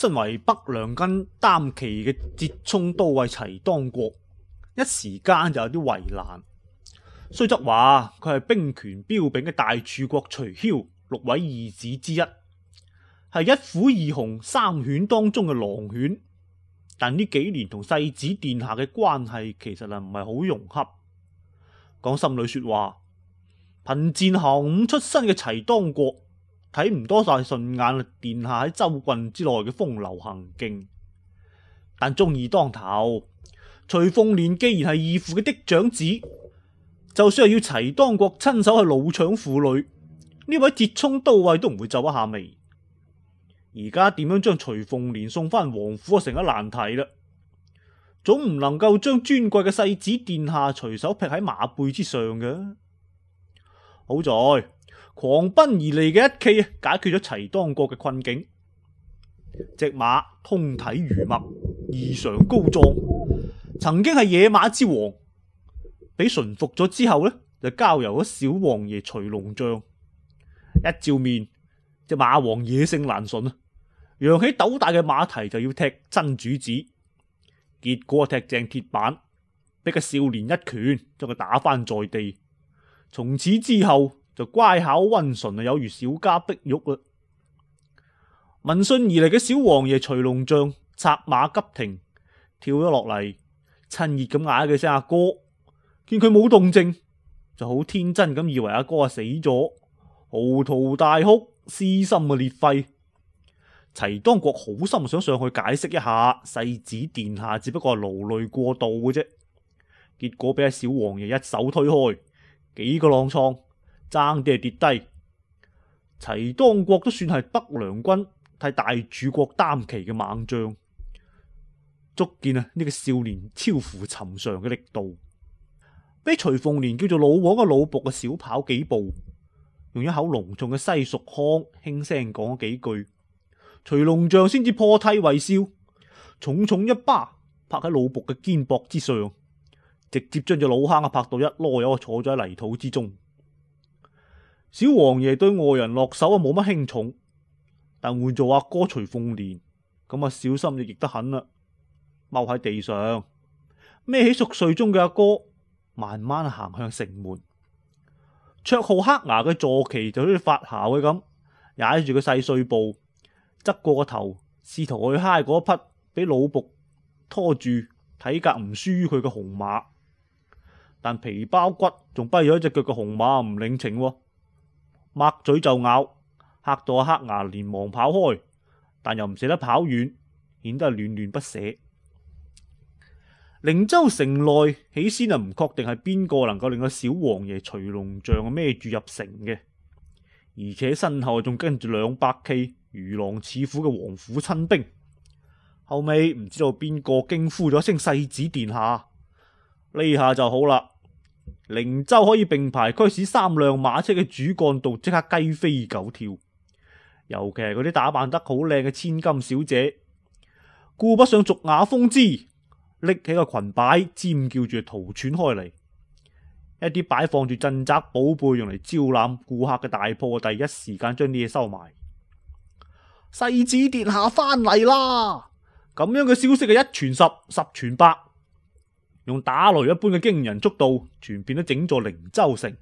身為北涼根擔旗嘅折衝都尉齊當國，一時間就有啲為難。雖則話佢係兵權彪炳嘅大柱國徐驍六位義子之一，係一虎二雄三犬當中嘅狼犬，但呢幾年同世子殿下嘅關係其實啊唔係好融洽。講心裏說話，貧賤行伍出身嘅齊當國。睇唔多晒順眼，殿下喺州郡之內嘅風流行徑。但忠義當頭，徐鳳年既然係義父嘅嫡長子，就算係要齊當國親手去擄搶婦女，呢位折衝都尉都唔會皺一下眉。而家點樣將徐鳳年送翻王府啊，成一難題嘞。總唔能夠將尊貴嘅世子殿下隨手劈喺馬背之上嘅。好在。狂奔而嚟嘅一騎啊，解決咗齊當國嘅困境。隻馬通體如墨，異常高壯，曾經係野馬之王。俾馴服咗之後呢，就交由咗小王爺徐龍將。一照面，隻馬王野性難馴啊，揚起斗大嘅馬蹄就要踢親主子，結果踢正鐵板，俾個少年一拳將佢打翻在地。從此之後。就乖巧溫順啊，有如小家碧玉啦。聞訊而嚟嘅小王爺徐龍將策馬急停，跳咗落嚟，親熱咁嗌佢聲阿哥。見佢冇動靜，就好天真咁以為阿哥啊死咗，嚎啕大哭，撕心嘅裂肺。齊當國好心想上去解釋一下，世子殿下只不過係勞累過度嘅啫，結果俾阿小王爺一手推開，幾個踉蹌。爭啲係跌低，齊當國都算係北涼軍、替大楚國擔旗嘅猛將，足見啊呢個少年超乎尋常嘅力度，俾徐鳳年叫做老王嘅老僕嘅小跑幾步，用一口濃重嘅西蜀腔輕聲講咗幾句，徐龍象先至破涕為笑，重重一巴拍喺老僕嘅肩膊之上，直接將隻老坑啊拍到一籮柚坐咗喺泥土之中。小王爺對外人落手啊，冇乜輕重，但換做阿哥，哥徐鳳年咁啊，就小心翼翼得很啦。踎喺地上，孭起熟睡中嘅阿哥，哥，慢慢行向城門。綽號黑牙嘅坐騎就好似發姣嘅咁，踩住個細碎步，側過個頭，試圖去嗨嗰匹俾老僕拖住體格唔輸佢嘅紅馬，但皮包骨仲跛咗一隻腳嘅紅馬唔領情。擘嘴就咬，嚇到黑牙連忙跑開，但又唔捨得跑遠，顯得戀戀不捨。靈州城內起先啊唔確定係邊個能夠令阿小王爺徐龍象孭住入城嘅，而且身後仲跟住兩百騎如狼似虎嘅王府親兵。後尾唔知道邊個驚呼咗一聲世子殿下，呢下就好啦。靈州可以並排驅使三輛馬車嘅主幹道，即刻雞飛狗跳。尤其係嗰啲打扮得好靚嘅千金小姐，顧不上俗雅風姿，拎起個裙擺尖叫住逃竄開嚟。一啲擺放住鎮宅寶貝用嚟招攬顧客嘅大鋪，第一時間將啲嘢收埋。世子殿下翻嚟啦！咁樣嘅消息啊，一傳十，十傳百。用打雷一般嘅驚人速度，傳遍咗整座靈州城。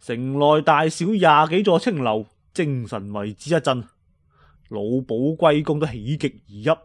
城內大小廿幾座青樓，精神為之一振，老鴇龜公都喜極而泣。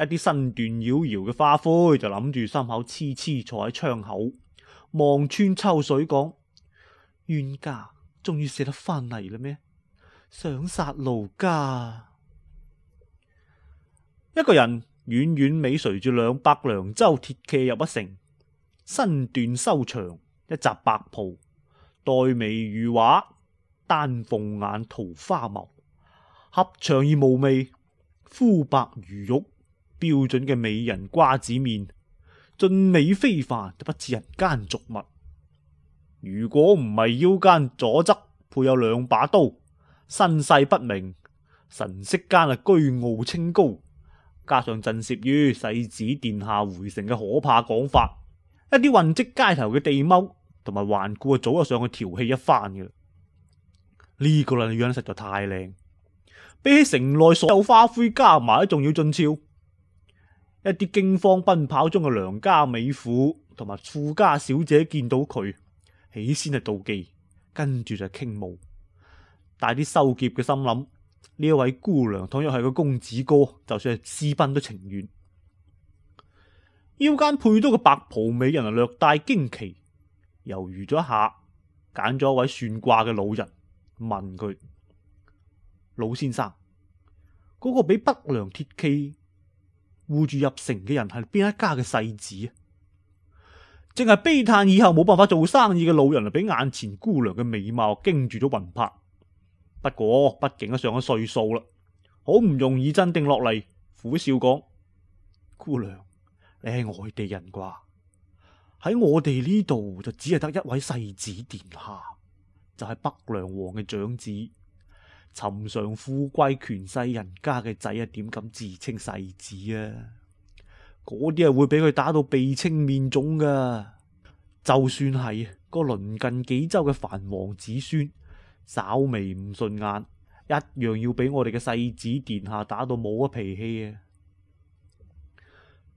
一啲身段妖嬈嘅花魁就諗住心口痴痴坐喺窗口，望穿秋水，講：冤家，終於捨得翻嚟啦咩？想殺奴家，一個人。遠遠尾隨住兩百涼州鐵騎入一城，身段修長，一襲白袍，黛眉如畫，丹鳳眼桃花眸，狹長而無媚，膚白如玉，標準嘅美人瓜子面，俊美非凡，都不似人間俗物。如果唔係腰間左側配有兩把刀，身世不明，神色間啊居傲清高。加上震懾於世子殿下回城嘅可怕講法，一啲混跡街頭嘅地踎同埋頑固啊，早就上去調戲一番嘅。呢、這個女人實在太靚，比起城內所有花魁加埋仲要俊俏。一啲驚慌奔跑中嘅良家美婦同埋富家小姐見到佢，起先係妒忌，跟住就傾慕，帶啲羞怯嘅心諗。呢一位姑娘倘若係個公子哥，就算係私奔都情願。腰間佩刀嘅白袍美人啊，略帶驚奇，猶豫咗一下，揀咗一位算卦嘅老人，問佢：老先生，嗰、那個俾北涼鐵騎護住入城嘅人係邊一家嘅世子啊？淨係悲嘆以後冇辦法做生意嘅老人啊，俾眼前姑娘嘅美貌驚住咗魂魄。不過畢竟都上咗歲數啦，好唔容易鎮定落嚟，苦笑講：姑娘，你係外地人啩？喺我哋呢度就只係得一位世子殿下，就係北梁王嘅長子。尋常富貴權勢人家嘅仔啊，點敢自稱世子啊？嗰啲人會俾佢打到鼻青面腫噶。就算係個鄰近幾州嘅藩王子孫。稍微唔順眼，一樣要俾我哋嘅世子殿下打到冇咗脾氣啊！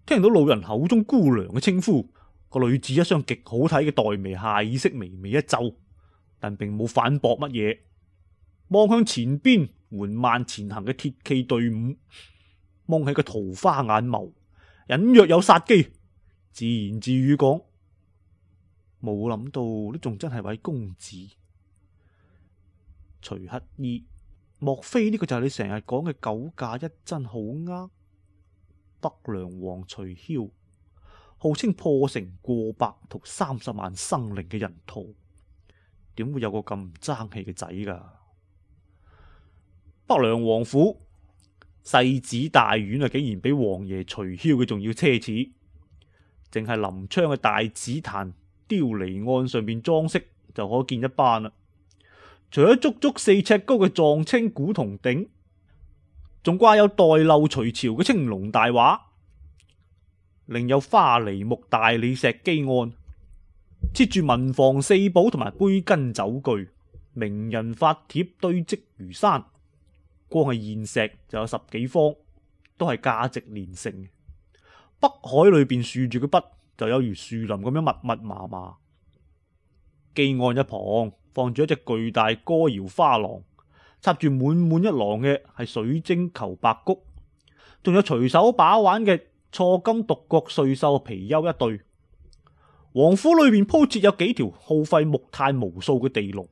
聽到老人口中姑娘嘅稱呼，個女子一雙極好睇嘅黛眉下意識微微一皺，但並冇反駁乜嘢，望向前邊緩慢前行嘅鐵騎隊伍，望起個桃花眼眸，隱約有殺機，自言自語講：冇諗到你，仲真係位公子。徐乞衣，莫非呢個就係你成日講嘅九假一真好呃！北涼王徐驍，號稱破城過百、屠三十萬生靈嘅人屠，點會有個咁唔爭氣嘅仔噶？北涼王府世子大院啊，竟然比王爺徐驍嘅仲要奢侈，淨係臨窗嘅大紫檀雕螭案上邊裝飾就可見一斑啦。除咗足足四尺高嘅藏青古銅鼎，仲掛有待漏隨朝嘅青龍大畫，另有花梨木大理石基案，設住文房四寶同埋杯根酒具，名人法帖堆積如山，光係硯石就有十幾方，都係價值連城。北海裏邊豎住嘅筆就有如樹林咁樣密密麻麻，基案一旁，放住一隻巨大歌謠花囊，插住滿滿一囊嘅係水晶球白菊，仲有隨手把玩嘅錯金獨角瑞獸貔貅一對。王府裏邊鋪設有幾條耗費木炭無數嘅地龍，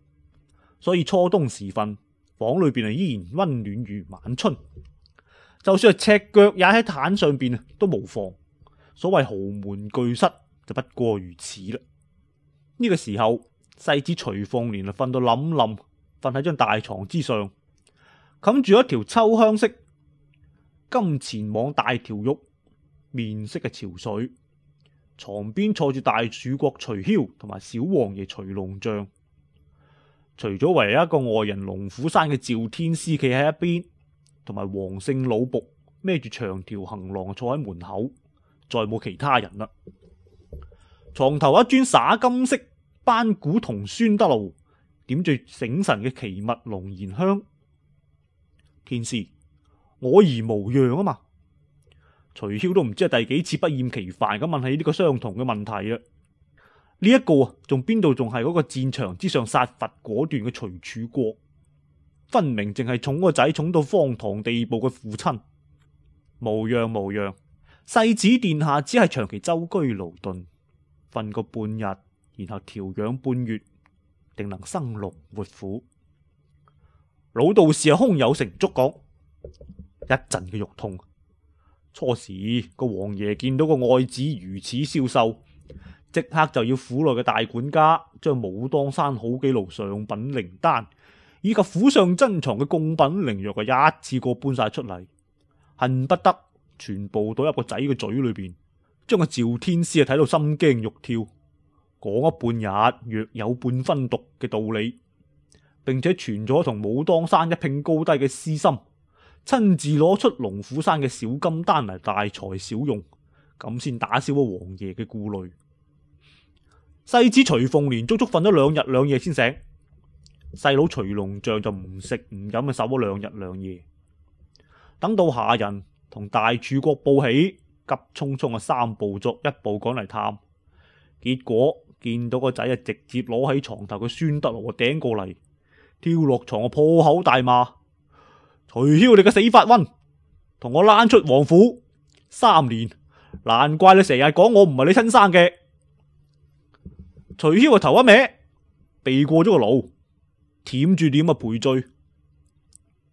所以初冬時分，房裏邊啊依然溫暖如晚春。就算係赤腳，也喺毯上邊都無妨。所謂豪門巨室，就不過如此啦。呢個時候。細子徐鳳年就瞓到冧冧，瞓喺張大床之上，冚住一條秋香色金前往大條玉，面色嘅潮水。床邊坐住大楚角徐驍同埋小王爺徐龍像。除咗唯一一個外人龍虎山嘅趙天師企喺一邊，同埋王姓老僕孭住長條行囊坐喺門口，再冇其他人啦。床頭一磚灑金色。班古同酸德路點綴醒神嘅奇物龍涎香。天師，我兒無恙啊嘛？徐驍都唔知係第幾次不厭其煩咁問起呢個相同嘅問題、這個、啊？呢一個仲邊度仲係嗰個戰場之上殺伐果斷嘅徐柱國？分明淨係寵個仔寵到荒唐地步嘅父親。無恙無恙，世子殿下只係長期周居勞頓，瞓個半日。然後調養半月，定能生龍活虎。老道士啊，胸有成竹講一陣嘅肉痛。初時個王爺見到個愛子如此消瘦，即刻就要府內嘅大管家將武當山好幾爐上品靈丹以及府上珍藏嘅貢品靈藥啊，一次過搬晒出嚟，恨不得全部倒入個仔嘅嘴裏邊，將個趙天師啊睇到心驚肉跳。講咗半日，若有半分毒嘅道理，並且傳咗同武當山一拼高低嘅私心，親自攞出龍虎山嘅小金丹嚟大材小用，咁先打消咗王爺嘅顧慮。世子徐鳳年足足瞓咗兩日兩夜先醒，細佬徐龍象就唔食唔飲，守咗兩日兩夜。等到下人同大柱國報喜，急匆匆啊三步作一步趕嚟探，結果。見到個仔啊，直接攞喺床頭，嘅孫德羅頂過嚟，跳落床啊，破口大罵：徐囂你個死法瘟，同我攋出王府三年，難怪你成日講我唔係你親生嘅。徐囂啊，頭一歪，避過咗個腦，舔住臉啊賠罪。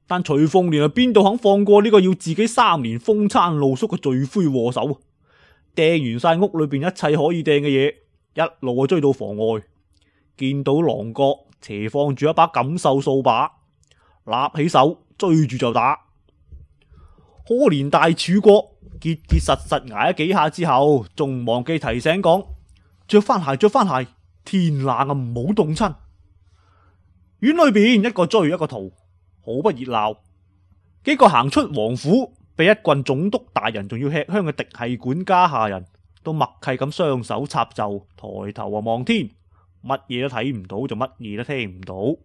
但徐鳳年啊，邊度肯放過呢個要自己三年風餐露宿嘅罪魁禍首？掟完晒屋裏邊一切可以掟嘅嘢。一路追到房外，見到狼角斜放住一把錦繡掃把，立起手追住就打。可憐大柱哥結結實實挨咗幾下之後，仲唔忘記提醒講：着翻鞋，着翻鞋，天冷啊，唔好凍親。院裏邊一個追一個逃，好不熱鬧。幾個行出王府，俾一棍總督大人，仲要吃香嘅嫡系管家下人。都默契咁雙手插袖，抬頭啊望天，乜嘢都睇唔到，就乜嘢都聽唔到。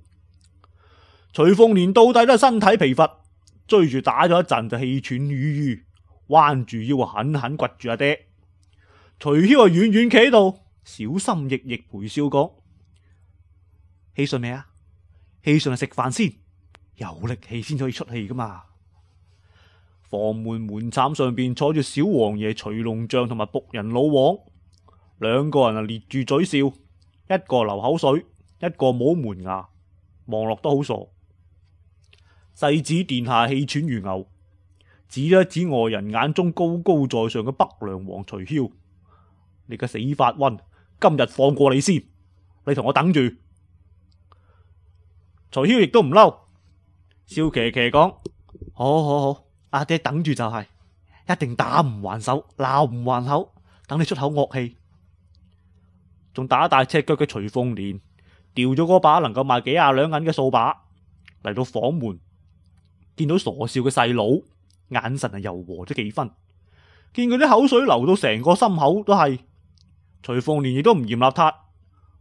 徐鳳年到底都係身體疲乏，追住打咗一陣就氣喘吁吁，彎住腰狠狠掘住阿爹。徐驍啊遠遠企度，小心翼翼陪笑講：氣順未啊？氣順啊食飯先，有力氣先可以出氣噶嘛。房門門檻上邊坐住小王爺徐龍象同埋僕人老王，兩個人啊咧住嘴笑，一個流口水，一個冇門牙，望落都好傻。世子殿下氣喘如牛，指一指外人眼中高高在上嘅北涼王徐驍，你個死發瘟，今日放過你先，你同我等住。徐驍亦都唔嬲，笑騎騎講：好好好。阿爹等住就係、是，一定打唔還手，鬧唔還口，等你出口惡氣。仲打大赤腳嘅徐鳳年，掉咗嗰把能夠賣幾廿兩銀嘅掃把嚟到房門，見到傻笑嘅細佬，眼神啊柔和咗幾分。見佢啲口水流到成個心口都係，徐鳳年亦都唔嫌邋遢，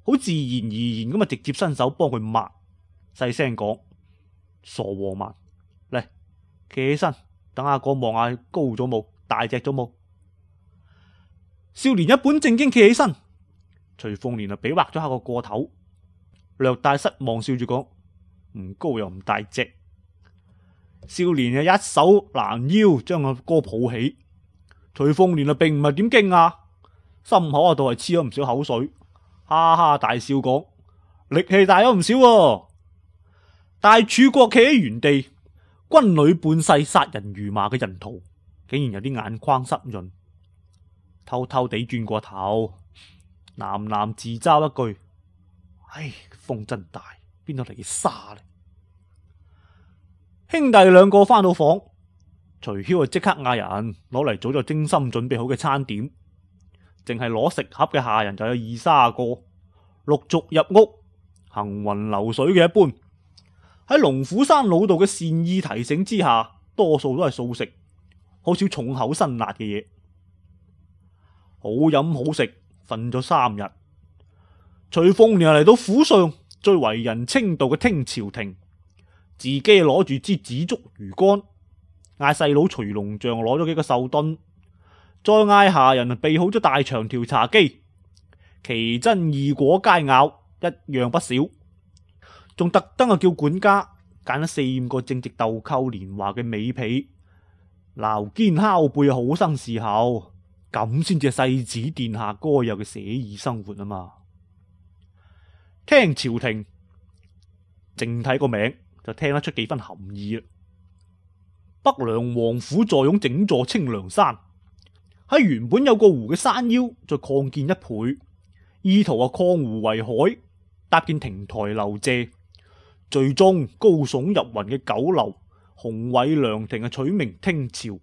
好自然而然咁啊，直接伸手幫佢抹，細聲講：傻和抹，嚟，企起身。等阿哥望下高咗冇，大隻咗冇。少年一本正經企起身，徐鳳年啊比劃咗下個過頭，略帶失望笑住講：唔高又唔大隻。少年啊一手攔腰將阿哥抱起，徐鳳年啊並唔係點驚訝，心口啊都係黐咗唔少口水，哈哈大笑講：力氣大咗唔少喎、啊。大柱國企喺原地。軍女半世殺人如麻嘅人徒，竟然有啲眼眶濕潤，偷偷地轉過頭，喃喃自嘲一句：唉，風真大，邊度嚟嘅沙呢？兄弟兩個翻到房徐驍就即刻嗌人攞嚟，早就精心準備好嘅餐點，淨係攞食盒嘅下人就有二三十個，陸續入屋，行雲流水嘅一般。喺龍虎山老道嘅善意提醒之下，多數都係素食，好少重口辛辣嘅嘢，好飲好食。瞓咗三日，徐鳳年嚟到府上，最為人稱道嘅聽潮亭，自己攞住支紫竹魚竿，嗌細佬徐龍象攞咗幾個壽墩，再嗌下人備好咗大長條茶幾，奇珍異果佳肴，一樣不少。仲特登啊叫管家揀咗四五個正值豆蔻年華嘅美婢，鬧肩敲背，好生伺候，咁先至係世子殿下該有嘅寫意生活啊嘛！聽潮亭，淨睇個名就聽得出幾分含義啦。北涼王府坐擁整座清涼山，喺原本有個湖嘅山腰再擴建一倍，意圖啊擴湖為海，搭建亭台樓榭。最終高聳入雲嘅九樓，宏偉涼亭係取名聽潮。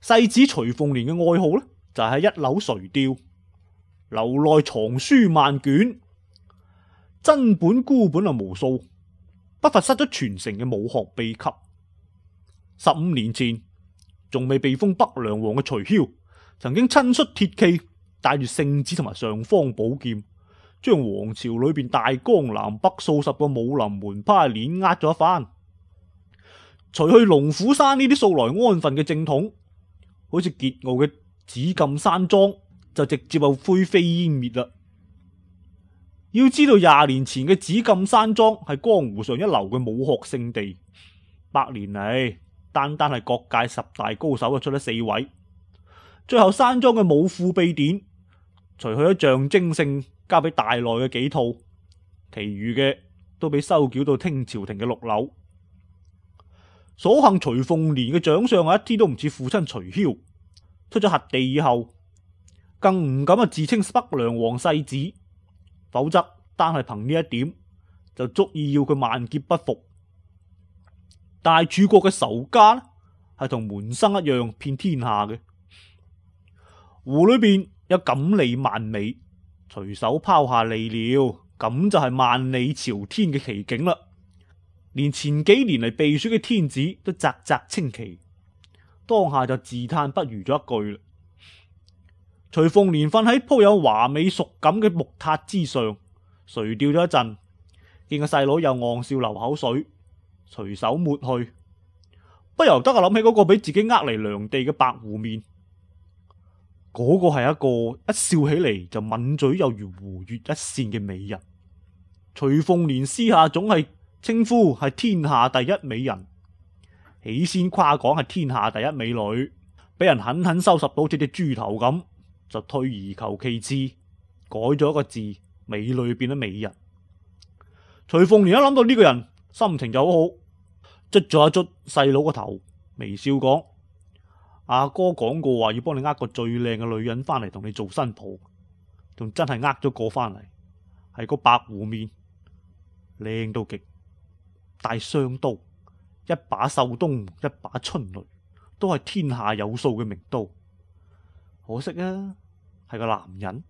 世子徐鳳年嘅愛好咧，就係一樓垂釣。樓內藏書萬卷，真本孤本啊無數，不乏失咗全城嘅武學秘笈。十五年前，仲未被封北梁王嘅徐驍，曾經親率鐵騎，帶住聖旨同埋尚方寶劍。將皇朝裏邊大江南北數十個武林門派碾壓咗一番，除去龍虎山呢啲素來安分嘅正統，好似桀驁嘅紫禁山莊就直接就灰飛煙滅啦。要知道廿年前嘅紫禁山莊係江湖上一流嘅武學聖地，百年嚟單單係各界十大高手啊出咗四位，最後山莊嘅武庫秘典，除去咗象徵性。交俾大內嘅幾套，其餘嘅都俾收繳到清朝廷嘅六樓。所幸徐鳳年嘅長相啊，一啲都唔似父親徐驍。出咗核地以後，更唔敢啊自稱北涼王世子，否則單係憑呢一點就足以要佢萬劫不復。大楚國嘅仇家呢，係同門生一樣遍天下嘅，湖裏邊有錦鯉萬尾。隨手拋下餌料，咁就係萬里朝天嘅奇景啦！連前幾年嚟避暑嘅天子都嘖嘖稱奇，當下就自嘆不如咗一句啦。徐鳳年瞓喺鋪有華美熟感嘅木榻之上，垂釣咗一陣，見個細佬又昂笑流口水，隨手抹去，不由得啊諗起嗰個俾自己呃嚟涼地嘅白狐面。嗰個係一個一笑起嚟，就抿嘴又如胡月一線嘅美人，徐鳳年私下總係稱呼係天下第一美人，起先誇講係天下第一美女，俾人狠狠收拾到好似隻隻豬頭咁，就退而求其次，改咗一個字，美女變咗美人。徐鳳年一諗到呢個人，心情就好好，捽咗一捽細佬個頭，微笑講。阿哥講過話要幫你呃個最靚嘅女人翻嚟，同你做新抱，仲真係呃咗個翻嚟，係個白狐面，靚到極，帶雙刀，一把繡冬，一把春雷，都係天下有數嘅名刀，可惜啊，係個男人。